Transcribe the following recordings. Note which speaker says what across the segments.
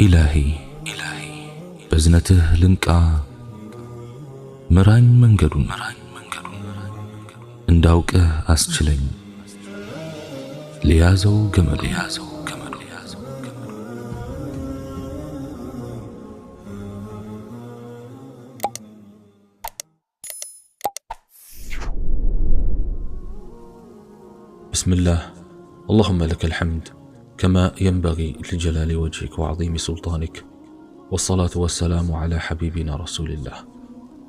Speaker 1: إلهي إلهي بزنته لنكا مران منقلون مران منقلون انداوك أسجلين ليازو قمر ليازو قمر ليازو قمر بسم الله اللهم لك الحمد كما ينبغي لجلال وجهك وعظيم سلطانك والصلاة والسلام على حبيبنا رسول الله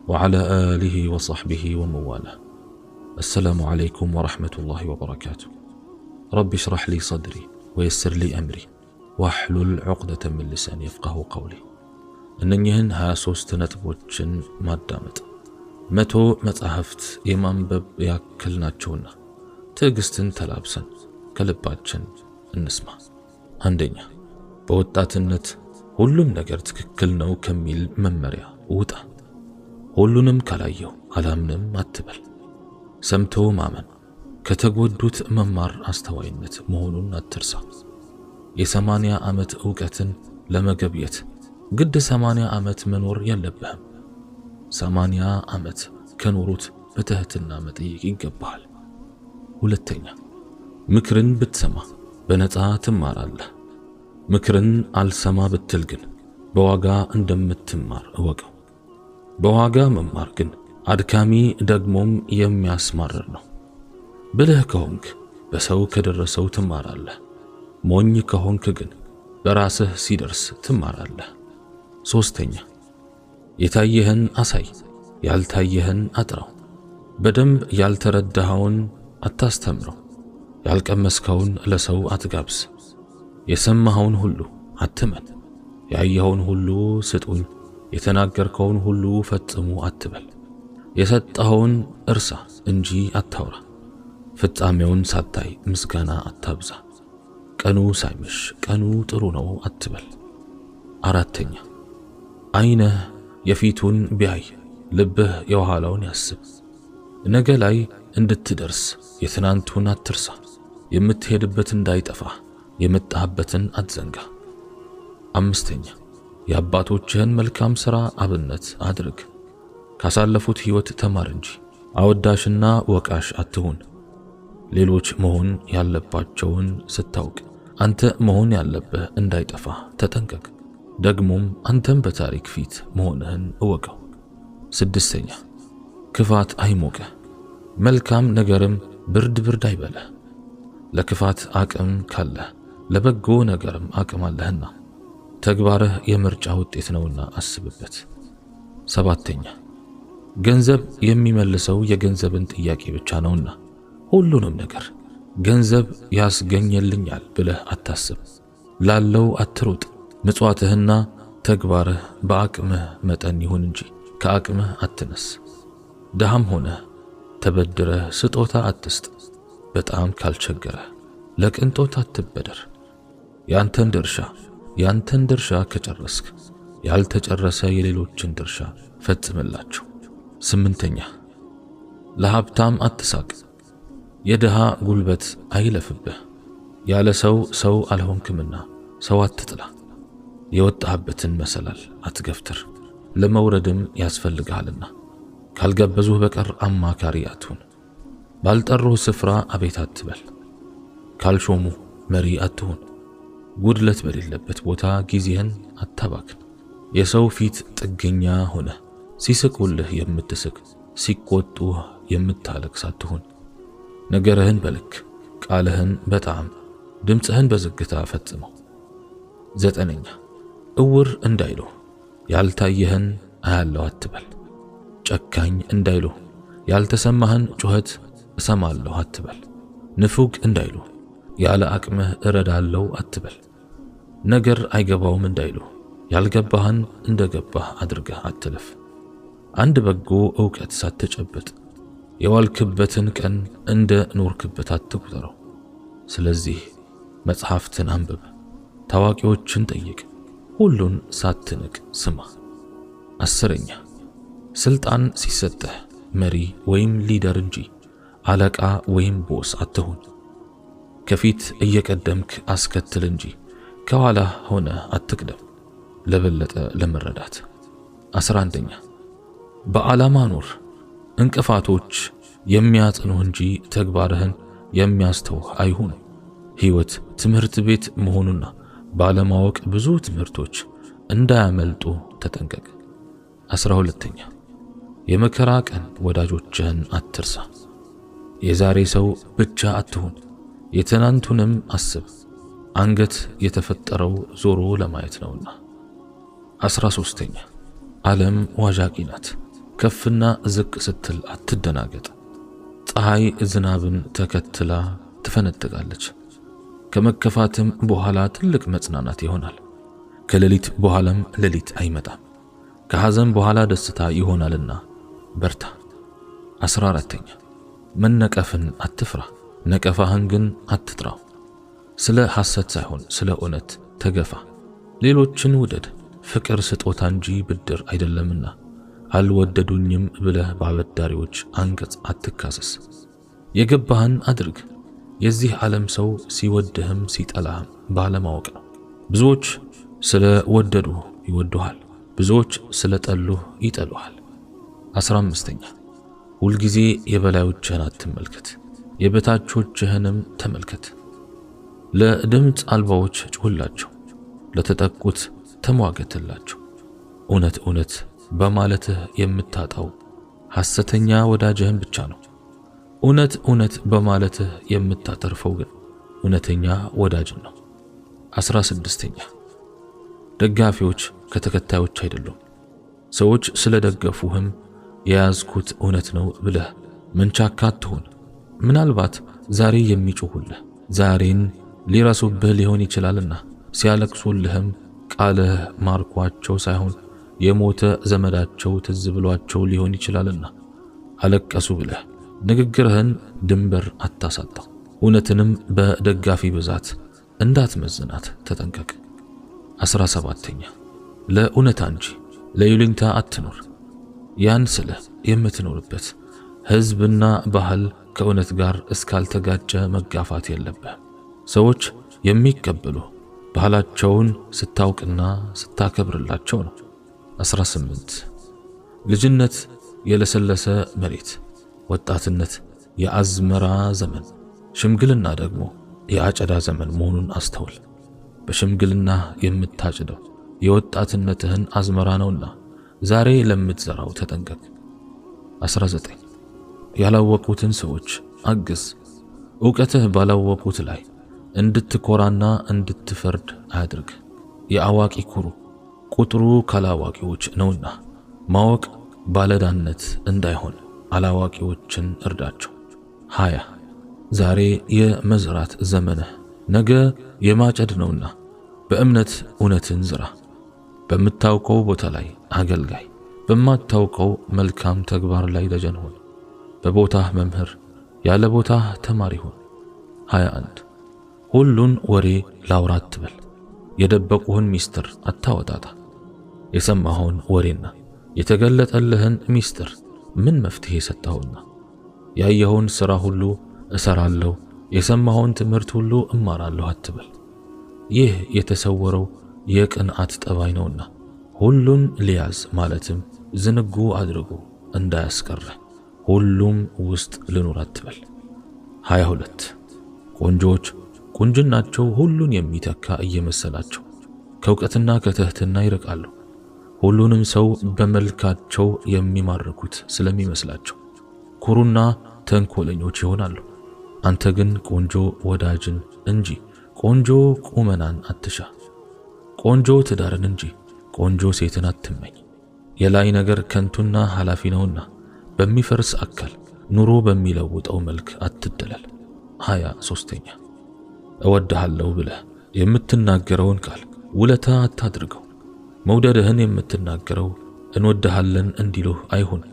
Speaker 1: وعلى آله وصحبه ومواله السلام عليكم ورحمة الله وبركاته رب اشرح لي صدري ويسر لي أمري واحلل عقدة من لساني يفقه قولي انني እነኚህን بوتشن ነጥቦችን ማዳመጥ መቶ መጻሕፍት የማንበብ ያክል ናቸውና ትዕግስትን تلابسن كلباتشن እንስማ። አንደኛ በወጣትነት ሁሉም ነገር ትክክል ነው ከሚል መመሪያ ውጣ። ሁሉንም ካላየው አላምንም አትበል። ሰምቶ ማመን ከተጎዱት መማር አስተዋይነት መሆኑን አትርሳ። የሰማንያ ዓመት ዕውቀትን ለመገብየት ግድ ሰማንያ ዓመት መኖር የለብህም። ሰማንያ ዓመት ከኖሩት በትህትና መጠየቅ ይገባሃል። ሁለተኛ ምክርን ብትሰማ በነፃ ትማራለህ። ምክርን አልሰማ ብትል ግን በዋጋ እንደምትማር እወቀው። በዋጋ መማር ግን አድካሚ ደግሞም የሚያስማርር ነው። ብልህ ከሆንክ በሰው ከደረሰው ትማራለህ። ሞኝ ከሆንክ ግን በራስህ ሲደርስ ትማራለህ። ሶስተኛ የታየህን አሳይ፣ ያልታየህን አጥራው። በደንብ ያልተረዳኸውን አታስተምረው። ያልቀመስከውን ለሰው አትጋብዝ። የሰማኸውን ሁሉ አትመን። ያየኸውን ሁሉ ስጡኝ፣ የተናገርከውን ሁሉ ፈጽሙ አትበል። የሰጠኸውን እርሳ እንጂ አታውራ። ፍጻሜውን ሳታይ ምስጋና አታብዛ። ቀኑ ሳይመሽ ቀኑ ጥሩ ነው አትበል። አራተኛ ዓይንህ የፊቱን ቢያይ ልብህ የኋላውን ያስብ። ነገ ላይ እንድትደርስ የትናንቱን አትርሳ። የምትሄድበት እንዳይጠፋ የመጣህበትን አትዘንጋ። አምስተኛ የአባቶችህን መልካም ሥራ አብነት አድርግ። ካሳለፉት ሕይወት ተማር እንጂ አወዳሽና ወቃሽ አትሁን። ሌሎች መሆን ያለባቸውን ስታውቅ አንተ መሆን ያለብህ እንዳይጠፋ ተጠንቀቅ። ደግሞም አንተም በታሪክ ፊት መሆንህን እወቀው። ስድስተኛ ክፋት አይሞቀ መልካም ነገርም ብርድ ብርድ አይበለህ። ለክፋት አቅም ካለህ ለበጎ ነገርም አቅም አለህና ተግባርህ የምርጫ ውጤት ነውና አስብበት። ሰባተኛ ገንዘብ የሚመልሰው የገንዘብን ጥያቄ ብቻ ነውና ሁሉንም ነገር ገንዘብ ያስገኘልኛል ብለህ አታስብ። ላለው አትሩጥ። ምጽዋትህና ተግባርህ በአቅምህ መጠን ይሁን እንጂ ከአቅምህ አትነስ። ደሃም ሆነህ ተበድረህ ስጦታ አትስጥ። በጣም ካልቸገረ ለቅንጦት አትበደር። ያንተን ድርሻ ያንተን ድርሻ ከጨረስክ ያልተጨረሰ የሌሎችን ድርሻ ፈጽምላቸው። ስምንተኛ ለሀብታም አትሳቅ። የድሃ ጉልበት አይለፍብህ። ያለ ሰው ሰው አልሆንክምና ሰው አትጥላ። የወጣህበትን መሰላል አትገፍትር፣ ለመውረድም ያስፈልግሃልና። ካልገበዙህ በቀር አማካሪ አትሁን። ባልጠሩህ ስፍራ አቤት አትበል። ካልሾሙ መሪ አትሆን። ጉድለት በሌለበት ቦታ ጊዜህን አታባክን። የሰው ፊት ጥገኛ ሆነ ሲስቁልህ የምትስቅ ሲቆጡ የምታለቅስ አትሁን። ነገርህን በልክ ቃልህን በጣም ድምፅህን በዝግታ ፈጽመው። ዘጠነኛ እውር እንዳይሉህ ያልታየህን አያለው አትበል። ጨካኝ እንዳይሉህ ያልተሰማህን ጩኸት እሰማለሁ አትበል። ንፉግ እንዳይሉ ያለ አቅምህ እረዳለሁ አትበል። ነገር አይገባውም እንዳይሉ ያልገባህን እንደገባህ አድርገህ አትለፍ። አንድ በጎ ዕውቀት ሳትጨብጥ የዋልክበትን ቀን እንደ ኖርክበት አትቁጠረው። ስለዚህ መጽሐፍትን አንብብ፣ ታዋቂዎችን ጠይቅ፣ ሁሉን ሳትንቅ ስማ። አስረኛ ስልጣን ሲሰጥህ መሪ ወይም ሊደር እንጂ አለቃ ወይም ቦስ አትሁን። ከፊት እየቀደምክ አስከትል እንጂ ከኋላ ሆነ አትቅደም። ለበለጠ ለመረዳት አስራ አንደኛ በዓላማ ኑር። እንቅፋቶች የሚያጽኑ እንጂ ተግባርህን የሚያስተውህ አይሁኑ። ሕይወት ትምህርት ቤት መሆኑና ባለማወቅ ብዙ ትምህርቶች እንዳያመልጡ ተጠንቀቅ። አስራ ሁለተኛ የመከራ ቀን ወዳጆችህን አትርሳ። የዛሬ ሰው ብቻ አትሁን፣ የትናንቱንም አስብ። አንገት የተፈጠረው ዞሮ ለማየት ነውና። አስራ ሶስተኛ ዓለም ዋዣቂ ናት። ከፍና ዝቅ ስትል አትደናገጥ። ፀሐይ ዝናብን ተከትላ ትፈነጥቃለች። ከመከፋትም በኋላ ትልቅ መጽናናት ይሆናል። ከሌሊት በኋላም ሌሊት አይመጣም። ከሐዘን በኋላ ደስታ ይሆናልና በርታ። አስራ አራተኛ መነቀፍን አትፍራ፣ ነቀፋህን ግን አትጥራው። ስለ ሐሰት ሳይሆን ስለ እውነት ተገፋ። ሌሎችን ውደድ፣ ፍቅር ስጦታ እንጂ ብድር አይደለምና። አልወደዱኝም ብለህ በአበዳሪዎች አንገት አትካሰስ። የገባህን አድርግ። የዚህ ዓለም ሰው ሲወድህም ሲጠላህም ባለማወቅ ነው። ብዙዎች ስለ ወደዱህ ይወዱሃል፣ ብዙዎች ስለ ጠሉህ ይጠሉሃል። አስራ አምስተኛ ሁልጊዜ የበላዮችህን አትመልከት፣ የበታቾችህንም ተመልከት። ለድምፅ አልባዎች ጩህላቸው፣ ለተጠቁት ተሟገትላቸው። እውነት እውነት በማለትህ የምታጣው ሐሰተኛ ወዳጅህን ብቻ ነው። እውነት እውነት በማለትህ የምታተርፈው ግን እውነተኛ ወዳጅን ነው። አስራ ስድስተኛ ደጋፊዎች ከተከታዮች አይደሉም። ሰዎች ደገፉህም የያዝኩት እውነት ነው ብለህ ምንቻካ አትሆን። ምናልባት ዛሬ የሚጮሁልህ ዛሬን ሊረሱብህ ሊሆን ይችላልና ሲያለቅሱልህም ቃልህ ማርኳቸው ሳይሆን የሞተ ዘመዳቸው ትዝ ብሏቸው ሊሆን ይችላልና አለቀሱ ብለህ ንግግርህን ድንበር አታሳጣ። እውነትንም በደጋፊ ብዛት እንዳትመዝናት ተጠንቀቅ። አስራ ሰባተኛ ለእውነታ እንጂ ለዩሊንታ አትኖር። ያን ስለ የምትኖርበት ህዝብና ባህል ከእውነት ጋር እስካልተጋጨ መጋፋት የለብህ። ሰዎች የሚቀበሉ ባህላቸውን ስታውቅና ስታከብርላቸው ነው። 18 ልጅነት የለሰለሰ መሬት፣ ወጣትነት የአዝመራ ዘመን፣ ሽምግልና ደግሞ የአጨዳ ዘመን መሆኑን አስተውል። በሽምግልና የምታጭደው የወጣትነትህን አዝመራ ነውና ዛሬ ለምትዘራው ተጠንቀቅ። 19 ያላወቁትን ሰዎች አግዝ። እውቀትህ ባላወቁት ላይ እንድትኮራና እንድትፈርድ አያድርግ። የአዋቂ ኩሩ ቁጥሩ ካላዋቂዎች ነውና፣ ማወቅ ባለዳነት እንዳይሆን አላዋቂዎችን እርዳቸው። 20 ዛሬ የመዝራት ዘመንህ ነገ የማጨድ ነውና፣ በእምነት እውነትን ዝራ። በምታውቀው ቦታ ላይ አገልጋይ፣ በማታውቀው መልካም ተግባር ላይ ደጀን ሆን፣ በቦታህ መምህር፣ ያለ ቦታህ ተማሪ ሆን 21 ሁሉን ወሬ ላውራ አትበል፣ የደበቁህን ሚስጥር አታወጣታ። የሰማኸውን ወሬና የተገለጠልህን ሚስጥር ምን መፍትሄ ሰጠኸውና? ያየኸውን ሥራ ሁሉ እሰራለሁ፣ የሰማኸውን ትምህርት ሁሉ እማራለሁ አትበል። ይህ የተሰወረው የቅንዓት ጠባይ ነውና ሁሉን ሊያዝ ማለትም ዝንጉ አድርጎ እንዳያስቀረ ሁሉም ውስጥ ልኑር አትበል። 22 ቆንጆዎች ቁንጅናቸው ሁሉን የሚተካ እየመሰላቸው ከእውቀትና ከትህትና ይርቃሉ። ሁሉንም ሰው በመልካቸው የሚማርኩት ስለሚመስላቸው ኩሩና ተንኮለኞች ይሆናሉ። አንተ ግን ቆንጆ ወዳጅን እንጂ ቆንጆ ቁመናን አትሻ፣ ቆንጆ ትዳርን እንጂ ቆንጆ ሴትን አትመኝ። የላይ ነገር ከንቱና ኃላፊ ነውና በሚፈርስ አካል ኑሮ በሚለውጠው መልክ አትደለል። ሃያ ሶስተኛ እወድሃለሁ ብለህ የምትናገረውን ቃል ውለታ አታድርገው። መውደድህን የምትናገረው እንወድሃለን እንዲሉህ አይሁን።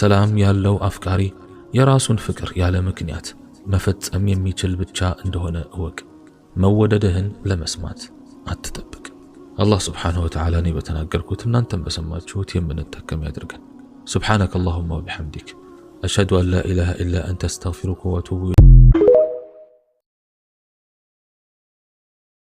Speaker 1: ሰላም ያለው አፍቃሪ የራሱን ፍቅር ያለ ምክንያት መፈጸም የሚችል ብቻ እንደሆነ እወቅ። መወደድህን ለመስማት አትጠብቅ። الله سبحانه وتعالى نيبة تناقر كوتمنا انتم بسمات شوتي من التكم يدرقن سبحانك اللهم وبحمدك أشهد أن لا إله إلا أنت استغفرك واتوب